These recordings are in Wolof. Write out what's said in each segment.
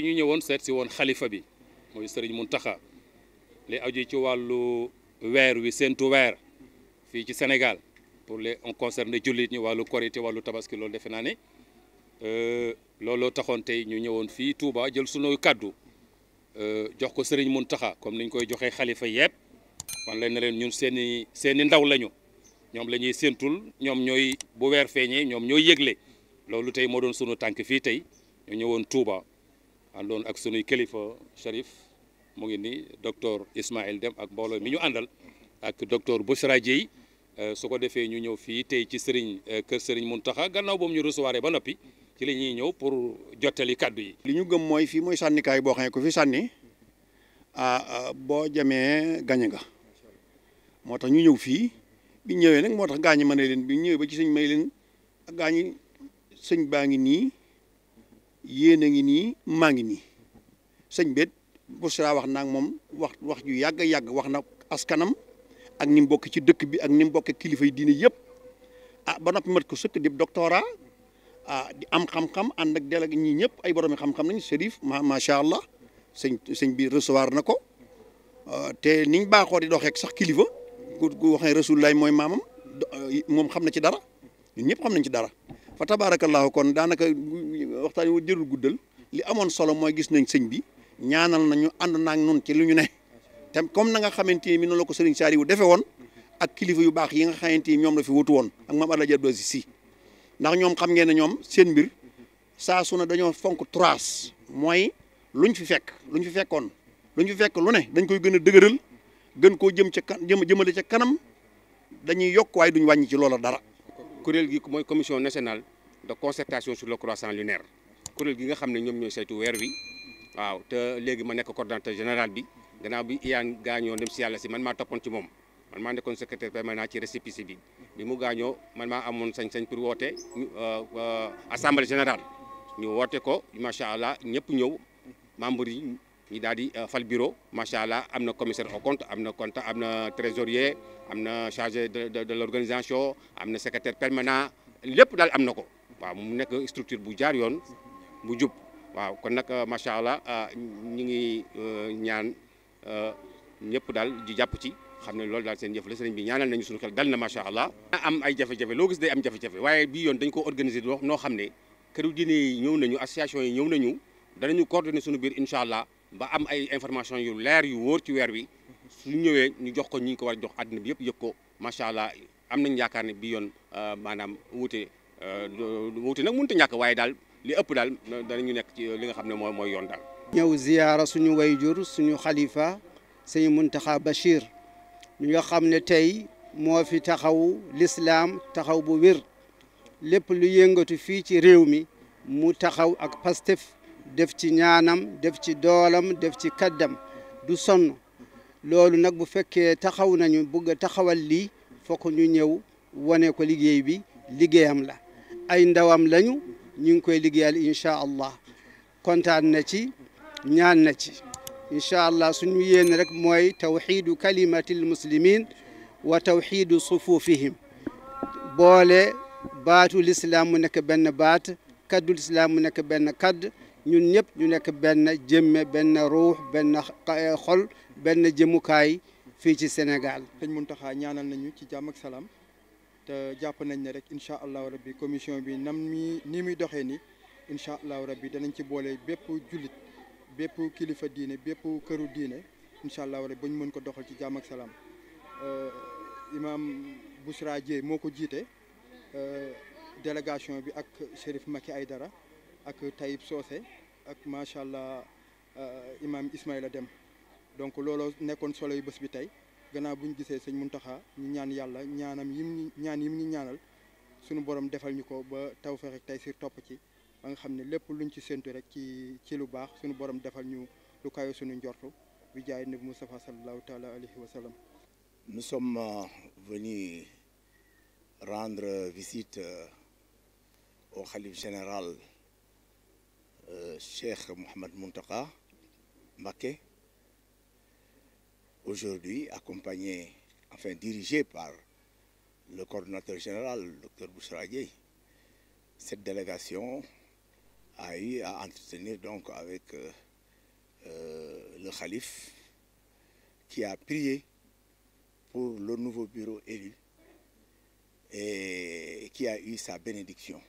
tey ñu ñëwoon seet si woon xalifa bi mooy sëriñ taxa li aju ci wàllu weer wi séentu weer fii ci Sénégal pour le en concerne jullit ñi wàllu korité wàllu tabaski loolu defe naa ne euh, looloo taxoon tey ñu ñëwoon fii Touba jël sunuy kàddu euh, jox ko sëriñ mun Muntaxa comme niñ koy joxee xalifa yëpp wan leen ne leen ñun seen i seen i ndaw lañu ñoom lañuy ñuy ñoom ñooy bu weer feeñee ñoom ñooy yëgle loolu tey moo doon sunu tànk fii tey ñu ñëwoon Touba àndoon ak sunuy kilifa Cherif mu ngi ni docteur Ismaïl Dem ak mbooloo mi ñu àndal ak docteur Bouchra Dieye euh, su ko defee ñu ñëw fii tey ci sëriñ euh, kër sëriñ Serigne taxa gannaaw boobu ñu recevoir ba noppi ci la ñuy ñëw pour jottali kàddu yi. li ñu gëm mooy fii mooy sànnikaay boo xam ko ku fi sànni ah, ah, boo jamee gañ nga moo tax ñu ñëw fii bi ñëwee nag moo tax gaañ mën a leen bi ñëwee ba ci sëñ may leen gaañ sëñ baa ngi nii. yéen a ngi nii maa ngi nii sëñ bet Bouchra wax naa moom wax wax ju yàgg yàgg wax na askanam ak ni mu bokk ci dëkk bi ak ni mu kilifa yi diine yëpp ah ba noppi mat ko sëkk di doctorat ah di am xam-xam ànd ak délégué ñi ñëpp ay borom xam-xam nañ Serif ma macha allah sëñ sëñ bi recevoir na ko ah, te niñ baaxoo di doxeek sax kilifa ku ku waxee Rasulullah mooy maamam ah, moom xam na ci dara ñun ñëpp xam nañ ci dara fa tabaarakallaahu kon daanaka waxtaan wu jërul guddal li amoon solo mooy gis nañ sëñ bi ñaanal nañu ànd naag nun ci lu ñu ne te comme na nga xamante ni noonu la ko sëriñ Saaliw defe woon ak kilifa yu baax yi nga xamante ni ñoom la fi wutu woon ak maam Alaaji Abdu Asiis Si ndax ñoom xam ngeen ne ñoom seen mbir saa su ne dañoo fonk trace mooy luñ fi fekk luñ fi fekkoon luñ fi fekk lu ne dañ koy gën a dëgëral gën koo jëm ca kan jëm jëmale ca kanam dañuy yokk waaye duñ wàññi ci loola dara. kuréel gi mooy commission nationale. de concertation sur le croissant lunaire kuréel gi nga xam ne ñoom ñooy saytu weer wi waaw te léegi ma nekk coordonnateur général bi gannaaw bi iyaan gaañoo dem si yàlla si man maa toppoon ci moom man maa nekkoon secrétaire permanent ci récépissé bi bi mu gaañoo man maa amoon sañ-sañ pour woote euh, euh, assemblée générale ñu woote ko macha allah ñëpp ñëw membres yi ñi daal di euh, fal bureau macha allah am na commissaire au compte am na compte am na trésorier am na chargé de de l'organisation am na secrétaire permanent lépp daal am na ko. waaw mu nekk structure bu jaar yoon bu jub waaw kon nag euh, macha allah euh, ñu ngi euh, ñaan ñëpp daal di jàpp ci xam ne loolu daal seen jëf la sëriñ bi ñaanal nañu sunu xel dal na macha allah. am ay jafe-jafe loo gis day am jafe-jafe waaye bii yoon dañ ko organiser loo noo xam ne këru diine yi ñëw nañu association yi ñëw nañu danañu coordonner suñu biir incha allah ba am ay information yu leer yu wóor ci weer wi su ñëwee ñu jox ko ñi ñu ko war a jox àddina bi yëpp yëg ko macha allah am nañu yaakaar ne bii yoon maanaam wuute. Euh, wuute nag mënut a ñàkk waaye daal li ëpp daal danañu nekk ci li nga xam ne mooy yoon daal. ñëw ziyaara suñu wayjur suñu xalifa sëñ Muntaxa Bachir ñu nga xam ne tey moo fi taxaw lislaam taxaw bu wér lépp lu yëngatu fii ci réew mi mu taxaw ak Pastef def ci ñaanam def ci doolam def ci kaddam du sonn loolu nag bu fekkee taxaw nañu bëgg a taxawal lii fokk ñu ñëw wane ko liggéey bi liggéeyam la ay ndawam lañu ñu ngi koy liggéeyal incha allah kontaan na ci ñaan na ci incha allah suñu yéen rek mooy tawxiidu kalimatil muslimin wa tawxiidu sufufihim boole baatu lislaam mu nekk benn baat kaddu lislaam mu nekk benn kadd ñun ñëpp ñu nekk benn jëmme benn ruux benn xol benn jëmukaay fii ci Sénégal. sëñ Muntaxa ñaanal nañu ci jàmm salaam. te jàpp nañ ne rek incha allahu rabbi commission bi nam mi nii muy doxee ni incha allahu rabbi danañ ci boole bépp jullit bépp kilifa diine bépp këru diine incha allahu rabbi ba ñu mën ko doxal ci jàmm ak salaam euh, imam Bousra Dieye moo ko jiite euh, délégation bi ak Chérif ay dara ak Tayib Socé ak macha allah euh, imam Ismaïla Dem donc looloo nekkoon solo yu bés bi tey gannaaw bu ñu gisee sëñ Muntaxa ñu ñaan yàlla ñaanam yim ñaan yim ñu ñaanal suñu borom defal ñu ko ba taw feex tey siir topp ci ba nga xam ne lépp luñ ci séntu rek ci ci lu baax suñu borom defal ñu lu kayo suñu njortu bi jaay nabi Moustapha sallallahu taala alayhi wa sallam Nous euh, rendre visite euh, au Khalif général euh, Cheikh Mohamed Muntaka Mbaké aujourd'hui accompagné, enfin dirigé par le coordonnateur général, le docteur Boussaragué, cette délégation a à entretenir donc avec euh, euh, le calife qui a prié pour le nouveau bureau élu et qui a eu sa bénédiction.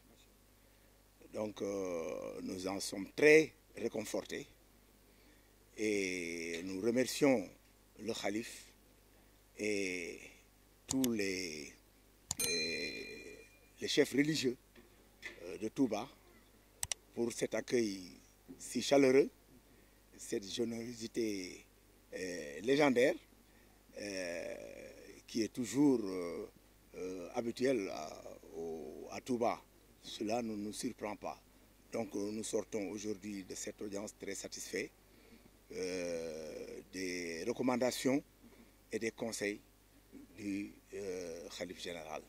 Donc euh, nous en sommes très réconfortés et nous remercions le calife et eh, tous les, les, eh, les chefs religieux euh, de Touba pour cet accueil si chaleureux, cette générosité euh, légendaire euh, qui est toujours euh, euh habituelle à, à Touba. Cela ne nous surprend pas. Donc euh, nous sortons aujourd'hui de cette audience très satisfaits. des recommandations et des conseils du euh, Khalif général.